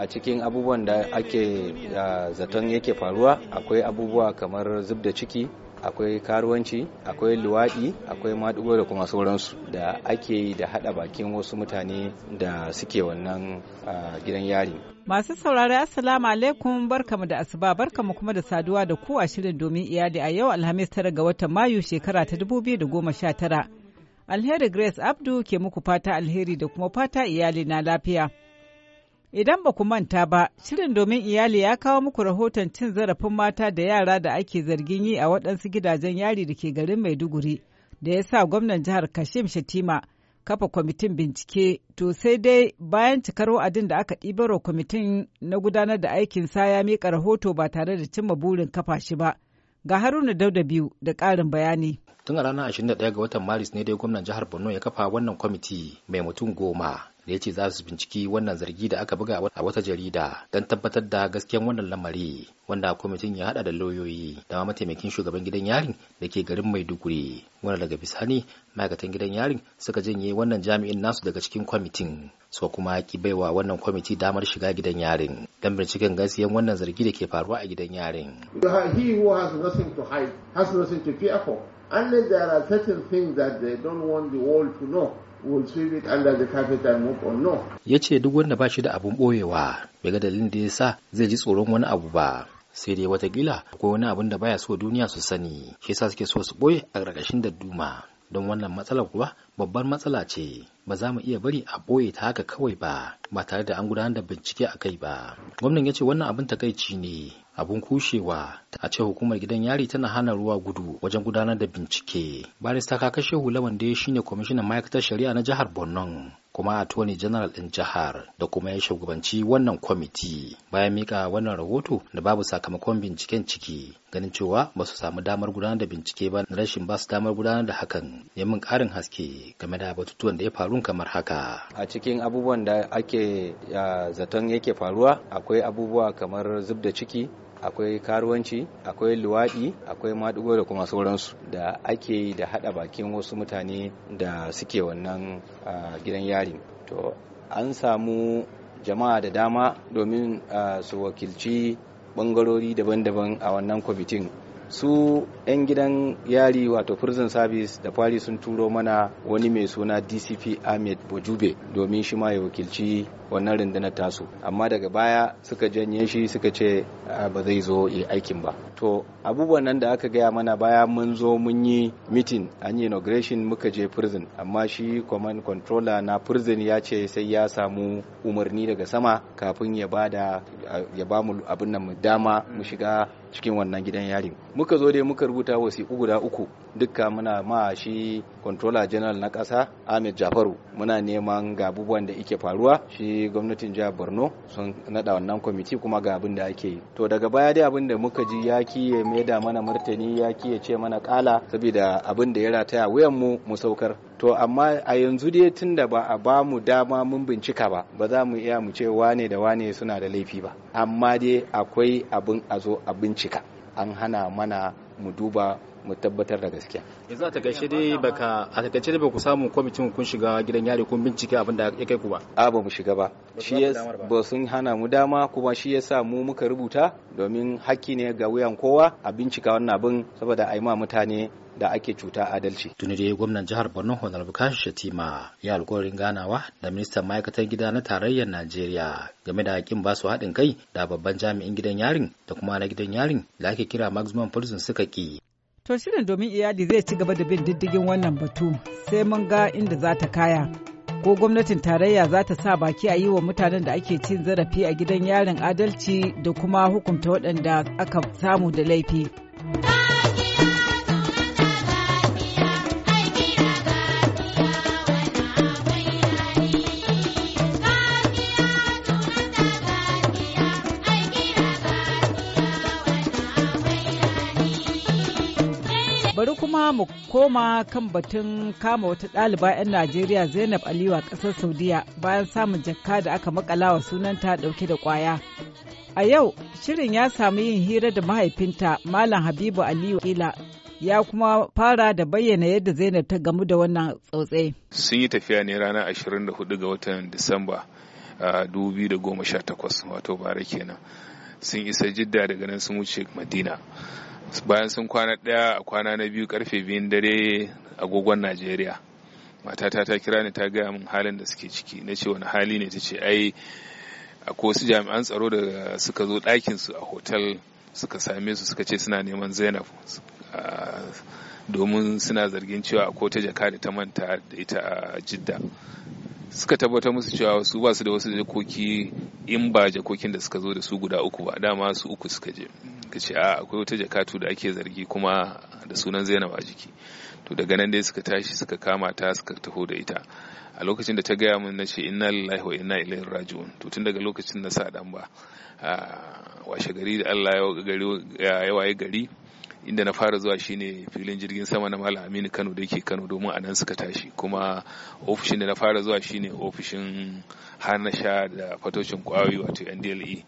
a cikin abubuwan da ake zaton yake faruwa akwai abubuwa kamar zub da ciki akwai karuwanci akwai luwaɗi akwai maɗigo da kuma sauransu da ake yi da haɗa bakin wasu mutane da suke wannan gidan yari masu saurari assalamu alaikum barkamu da asuba barkamu kuma da saduwa da ku a shirin domin iyali a yau alhamis tara ga watan mayu shekara ta dubu biyu da goma 2019 alheri grace abdu ke muku fata alheri da kuma fata iyali na lafiya Idan ba ku manta ba, shirin domin iyali ya kawo muku rahoton cin zarafin mata da yara da ake zargin yi a waɗansu gidajen yari da ke garin Maiduguri, da ya sa gwamnan jihar Kashim Shatima kafa kwamitin bincike, to sai dai bayan cikar wa'adin da aka ɗibarwa kwamitin na gudanar da aikin sa ya miƙa rahoto ba tare da cimma burin kafa shi ba. Ga Haruna Dauda biyu da ƙarin bayani. Tun a ranar 21 ga watan Maris ne dai gwamnan jihar Borno ya kafa wannan kwamiti mai mutum goma da ya ce za su binciki wannan zargi da aka buga a wata jarida don tabbatar da gaskiyan wannan lamari wanda kwamitin ya hada da lauyoyi da mataimakin shugaban gidan yarin da ke garin maiduguri wanda daga bisani ma'aikatan gidan yarin suka janye wannan jami'in nasu daga cikin kwamitin suka kuma ki baiwa wannan kwamiti damar shiga gidan yarin don binciken gaskiyan wannan zargi da ke faruwa a gidan yarin. He who has nothing Unless there are certain things that they don't want the world to know, Ya ce duk wanda ba shi da abun ɓoyewa bai ga dalilin da ya sa zai ji tsoron wani abu ba. sai dai watakila akwai wani abin da baya so duniya su sani shi sa suke so su ɓoye a ƙarƙashin dadduma don wannan matsalar kuwa babbar matsala ce ba za mu iya bari a boye ta haka kawai ba ba tare da an gudanar da bincike a kai ba gwamnan ya ce wannan abin takaici ne abun kushewa a ce hukumar gidan yari tana hana ruwa gudu wajen gudanar da bincike barista hula wanda da shine kwamishinan ma'aikatar shari'a na jihar borno kuma a attorney general ɗin jihar da kuma ya shugabanci wannan kwamiti bayan mika wannan rahoto da babu sakamakon binciken ciki ganin cewa ba su samu damar gudanar da bincike ba na rashin ba su damar gudanar da hakan ya min karin haske game da batutuwan da ya faru kamar haka a cikin abubuwan da ake zaton yake faruwa akwai abubuwa kamar zub da ciki akwai karuwanci akwai luwaɗi akwai maɗigo da kuma sauransu da ake yi da haɗa bakin wasu mutane da suke wannan gidan yari to an samu jama'a da dama domin su wakilci bangarori daban-daban a wannan kwamitin su 'yan gidan yari wato prison service da fari sun turo mana wani mai suna dcp ahmed bojube domin shi ma ya wakilci wannan rundunar tasu amma daga baya suka janye shi suka ce ba zai zo ya aikin ba to abubuwan nan da aka gaya mana baya mun zo mun yi mitin an yi inauguration muka je prison amma shi command controller na prison ya ce sai ya samu umarni daga sama kafin ya ba mu abin nan dama mu shiga cikin wannan gidan yari muka zo dai muka rubuta wasi guda uku dukka muna ma shi kontrola general na ƙasa ahmed jafaru muna neman ga abubuwan da ike faruwa shi gwamnatin jihar borno sun naɗa wannan kwamiti kuma ga abin da ake yi to daga baya dai abin da muka ji ya kiye da mana martani ya kiye ce mana kala saboda abin da ya rataya wuyan mu mu saukar to amma a yanzu dai da ba a ba mu dama mun bincika ba ba za mu iya mu ce wane da wane suna da laifi ba amma dai akwai abin a zo a bincika an hana mana mu duba mu tabbatar da gaskiya yanzu a takaice dai baka a takaice dai baku samu kwamitin kun shiga gidan yari kun bincike abin da ya kai ku ba a ba mu shiga ba shi ba sun hana mu dama kuma shi ya sa mu muka rubuta domin hakki ne ga wuyan kowa a bincika wannan abin saboda a yi ma mutane da ake cuta adalci. Tuni dai gwamnan jihar Borno Honorable Kashi Shatima ya alkawarin ganawa da ministan ma'aikatan gida na tarayyar Najeriya game da hakkin ba su haɗin kai da babban jami'in gidan yarin da kuma na gidan yarin da ake kira maximum prison suka ki. To shirin domin iyali zai ci gaba da bin diddigin wannan batu sai mun ga inda za ta kaya. Ko gwamnatin tarayya za ta sa baki a yi wa mutanen da ake cin zarafi a gidan yarin adalci da kuma hukunta waɗanda aka samu da laifi. mu koma kan batun kama wata ɗaliba 'yan Najeriya Zainab Aliyu a ƙasar Saudiya bayan samun jakka da aka makala wa sunanta ɗauke da ƙwaya. A yau, shirin ya samu yin hira da mahaifinta Malam Habibu Aliyu Ila ya kuma fara da bayyana yadda Zainab ta gamu da wannan tsautse. Sun yi tafiya ne ranar 24 ga watan Disamba 2018 wato bara kenan. Sun isa jidda daga nan sun wuce Madina. bayan sun kwana ɗaya a kwana na biyu karfe biyun dare agogon najeriya matata ta kira ni ta gaya min halin da suke ciki na ce wani hali ne ta ce ai ko su jami'an tsaro da suka zo su a hotel suka same su suka ce suna neman zainab domin suna zargin cewa ko ta jaka da ta manta da ita a jidda suka tabbatar musu cewa su ba su da wasu jakoki in ba jakokin da suka zo da su guda uku ba dama su uku suka je suka ce a akwai wata jakatu da ake zargi kuma da sunan zainab a jiki to daga nan dai suka tashi suka kama ta suka taho da ita a lokacin da ta gaya min na ce inna lillahi wa inna ilaihi raji'un to tun daga lokacin na sa dan ba washe gari da Allah ya waye gari inda na fara zuwa shine filin jirgin sama na Malam Aminu Kano da yake Kano domin a nan suka tashi kuma ofishin da na fara zuwa shine ofishin hannasha da fatocin kwayoyi wato NDLE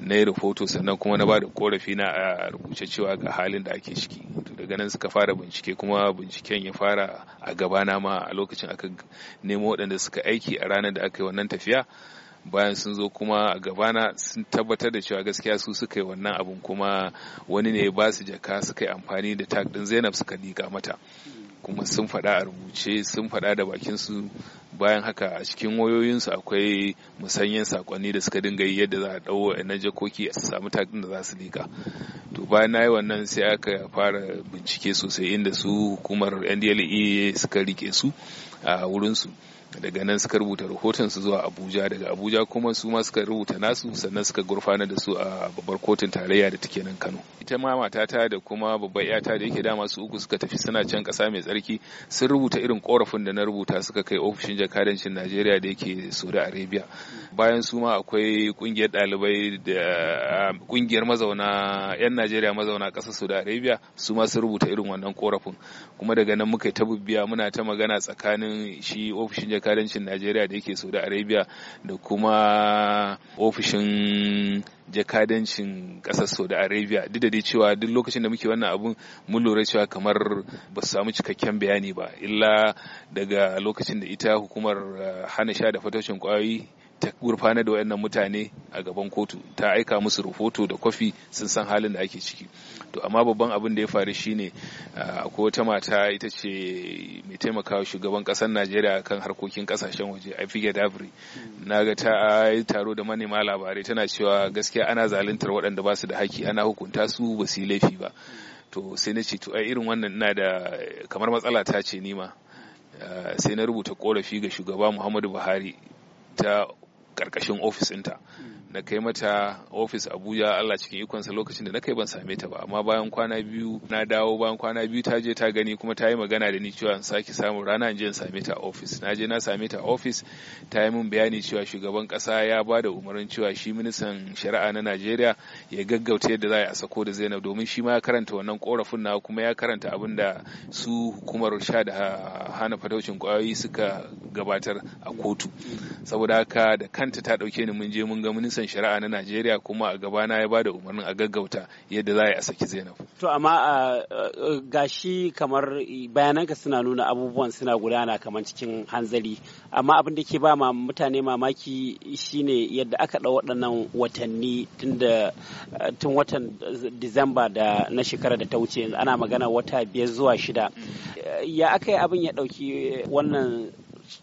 na yi rahoto sannan kuma na ba da korafi na a rubuce cewa ga halin da ake ciki daga nan suka fara bincike kuma binciken ya fara a gabana ma a lokacin aka nemo waɗanda suka aiki a ranar da aka yi wannan tafiya bayan sun zo kuma a gabana sun tabbatar da cewa gaskiya su suka yi wannan abun kuma wani ne ba su jaka suka yi amfani da tag din zainab suka liƙa mata kuma sun faɗa a rubuce sun faɗa da bakinsu bayan haka a cikin wayoyinsu akwai musanyen sakonni da suka dinga yi yadda za a ɗau na jakoki a samu takin da za su liƙa to bayan na yi wannan sai aka fara bincike sosai inda su hukumar ndle suka rike su a wurinsu daga nan suka rubuta rahoton su zuwa abuja daga abuja kuma su ma suka rubuta nasu sannan suka gurfana da su a babbar kotun tarayya da take nan kano ita ma matata da kuma babbar yata da yake dama su uku suka tafi suna can kasa mai tsarki sun rubuta irin korafin da na rubuta suka kai ofishin jakadancin najeriya da yake saudi arabia bayan su ma akwai kungiyar ɗalibai da kungiyar mazauna yan najeriya mazauna kasar saudi arabia su ma sun rubuta irin wannan korafin kuma daga nan muka yi ta muna ta magana tsakanin shi ofishin jakadancin najeriya da yake saudi arabia da kuma ofishin jakadancin kasar saudi arabia duk da dai cewa duk lokacin da muke wannan abun mun lura cewa kamar ba su samu cikakken bayani ba illa daga lokacin da ita hukumar eh, hana sha da fatoshin kwayoyi ta gurfana da wayannan mutane a gaban kotu ta aika musu rahoto da kwafi sun san halin da ake ciki to amma babban abin da ya faru shine akwai wata mata ita ce mai taimakawa shugaban kasar Najeriya kan harkokin kasashen waje Afige Dabri naga ta yi taro da manema labarai tana cewa gaskiya ana zaluntar waɗanda ba su da haki ana hukunta su ba su yi laifi ba to sai na ce to ai irin wannan ina da kamar matsala ta ce nima sai na rubuta korafi ga shugaba Muhammadu Buhari ta karkashin ofis inta. na kai mata ofis abuja allah cikin ikonsa lokacin da na kai ban same ta ba amma bayan kwana biyu na dawo bayan kwana biyu ta je ta gani kuma ta yi magana da ni cewa sake samun rana je same ta ofis na je na same ta ofis ta yi min bayani cewa shugaban kasa ya ba da umarnin cewa shi ministan shari'a na najeriya ya gaggauta yadda za a sako da zainab domin shi ma ya karanta wannan korafin na kuma ya karanta abin da su hukumar sha da hana fataucin kwayoyi suka gabatar a kotu saboda haka da kanta ta dauke ni mun je mun ga ministan majalisar shari'a na najeriya kuma a gabana ya bada da umarnin a gaggauta yadda za a yi a saki zainab to amma gashi kamar bayananka suna nuna abubuwan suna gudana kamar cikin hanzari amma abin da ke ba ma mutane mamaki shine yadda aka ɗau waɗannan watanni tun watan disamba da na shekara da ta wuce ana magana wata biyar zuwa shida ya aka yi abin ya ɗauki wannan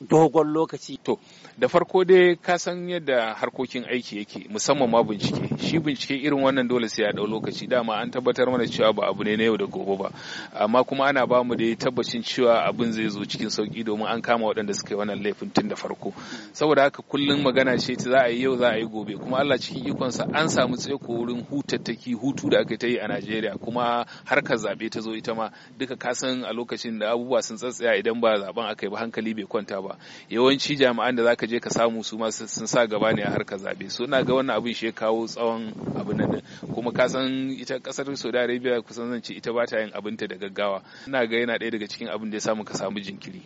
dogon lokaci. To, da farko dai ka san yadda harkokin aiki yake musamman ma bincike. Shi bincike irin wannan dole sai ya ɗau lokaci dama an tabbatar mana cewa ba abu ne na yau da gobe ba. Amma kuma ana ba mu da tabbacin cewa abin zai zo cikin sauki domin an kama waɗanda suka yi wannan laifin tun da farko. Saboda haka kullum magana ce ta za a yi yau za a yi gobe kuma Allah cikin ikonsa an samu tsaiko wurin hutattaki hutu da aka ta yi a Najeriya kuma harkar zaɓe ta zo ita ma duka kasan a lokacin da abubuwa sun tsatsaya idan ba zaben aka yi ba hankali bai kwanta ta ba yawanci jami'an da zaka je ka samu su ma sun sa gaba ne a harka zabe so ina ga wannan abin shi kawo tsawon abin nan kuma ka san ita kasar Saudi Arabia kusan zan ita ba ta yin abinta da gaggawa ina ga yana ɗaya daga cikin abin da ya samu ka samu jinkiri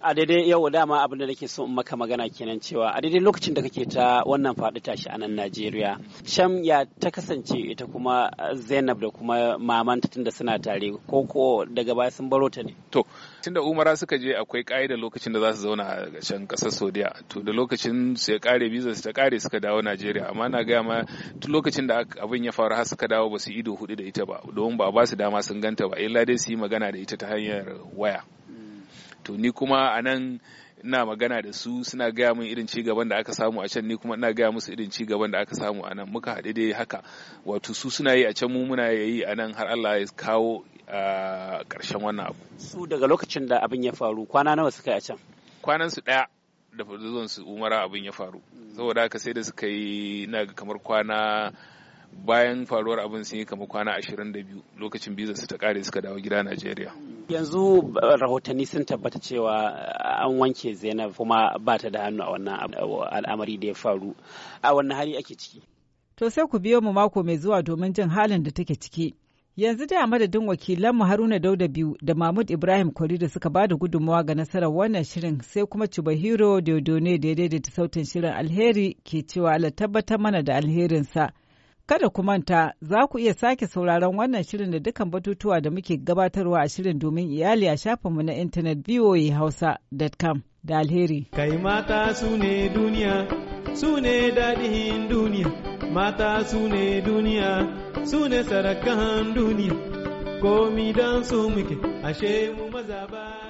a daidai yau dama abin da nake so in maka magana kenan cewa a daidai lokacin da kake ta wannan faɗi tashi a nan Najeriya sham ya ta kasance ita kuma Zainab da kuma mamanta tunda suna tare ko ko daga baya sun baro ta ne to tunda Umara suka je akwai ƙa'idar lokacin da za su zauna a can ƙasar Saudiya to da lokacin su ya kare biza su ta kare suka dawo Najeriya amma na ga ma tun lokacin da abin ya faru har suka dawo ba su ido hudu da ita ba domin ba ba su dama sun ganta ba illa dai su yi magana da ita ta hanyar waya to ni kuma a nan ina magana da su suna gaya min irin ci gaban da aka samu a can ni kuma ina gaya musu irin ci gaban da aka samu a nan muka haɗe dai haka wato su suna yi a can mu muna yi a nan har Allah ya kawo a ƙarshen wannan abu su daga lokacin da abin ya faru kwana nawa suka yi a can kwanan su ɗaya da zuwan su umara abin ya faru saboda haka sai da suka yi na kamar kwana bayan faruwar abin sun yi kamar kwana 22 lokacin biza su ta kare suka dawo gida Najeriya yanzu eh, rahotanni sun tabbata cewa eh, an wanke zainab kuma ba ta da hannu a wannan eh, al'amari da ya faru a wannan hali ake ciki to sai ku biyo mu mako mai zuwa domin jin halin da take ciki yanzu da madadin wakilanmu haruna dauda biyu da mahmud ibrahim kwari da suka bada gudummawa ga nasarar wannan shirin sai kuma cibahiro daidai da ya sautin shirin alheri ke cewa ala tabbatar mana da alherinsa. Kada ku manta za ku iya sake sauraron wannan shirin da dukkan batutuwa da muke gabatarwa a shirin domin iyali a shafinmu na intanet voahausa.com da alheri. Kai mata su ne duniya, su ne daɗin duniya, mata su ne duniya, su ne sarakan duniya, komi don su muke, ashe mu maza ba.